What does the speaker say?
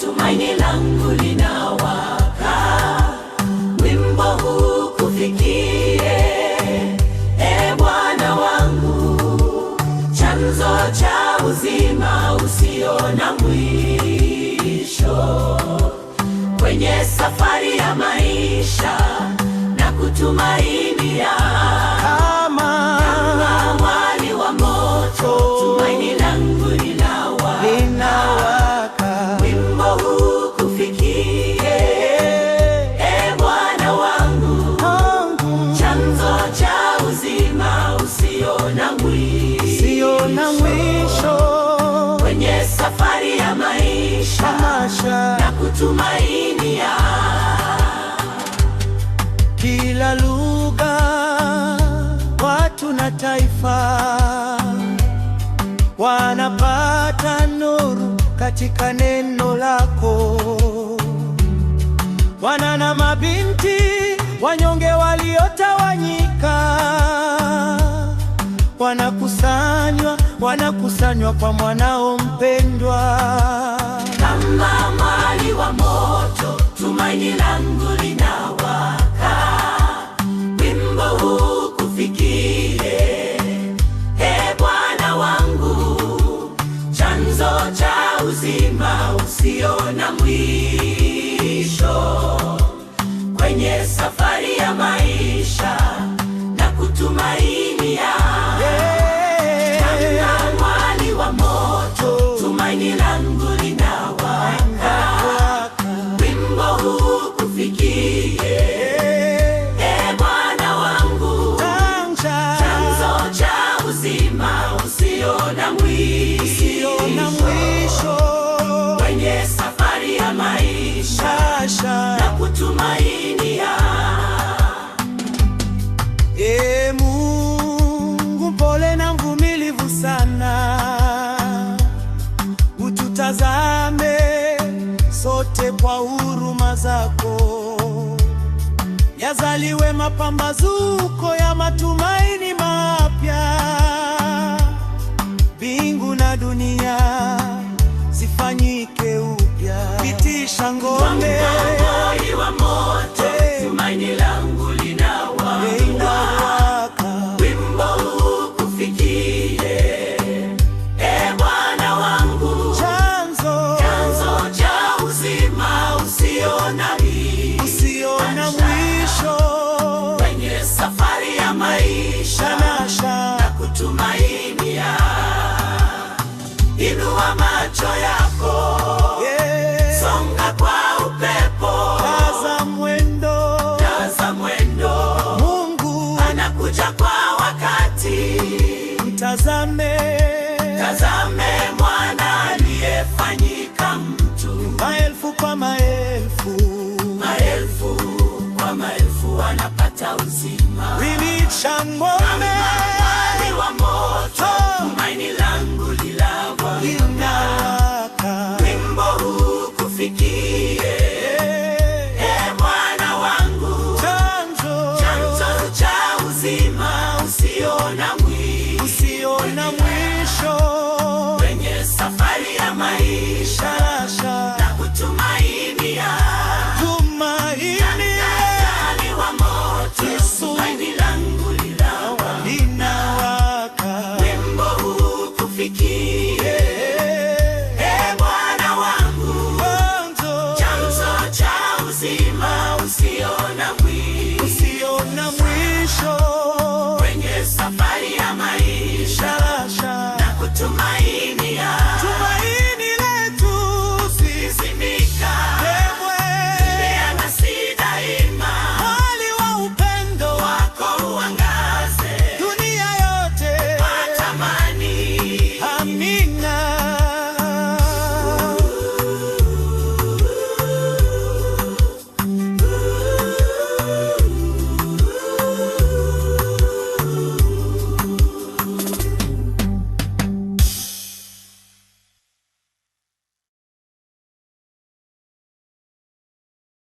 tumaini langu linawaka, wimbo huu kufikie, e Bwana wangu, chanzo cha uzima usio na mwisho, kwenye safari ya maisha na kutumainia Tupitie safari ya maisha na kutumainia. Kila lugha, watu na taifa wanapata nuru katika neno lako. Wana na mabinti wanyonge waliotawanyika wanakusa wanakusanywa kwa mwanao mpendwa. Kama mwali wa moto, tumaini langu linawa huruma zako, yazaliwe mapambazuko ya matumaini mapya. Mbingu na dunia zifanyike upya, pitisha ngome macho yako yeah. Songa kwa upepo, kaza mwendo, kaza mwendo. Mungu anakuja kwa wakati, mtazame, tazame mwana aliyefanyika mtu. Maelfu kwa maelfu, maelfu kwa maelfu uzima. Oh. Tumaini langu lilawa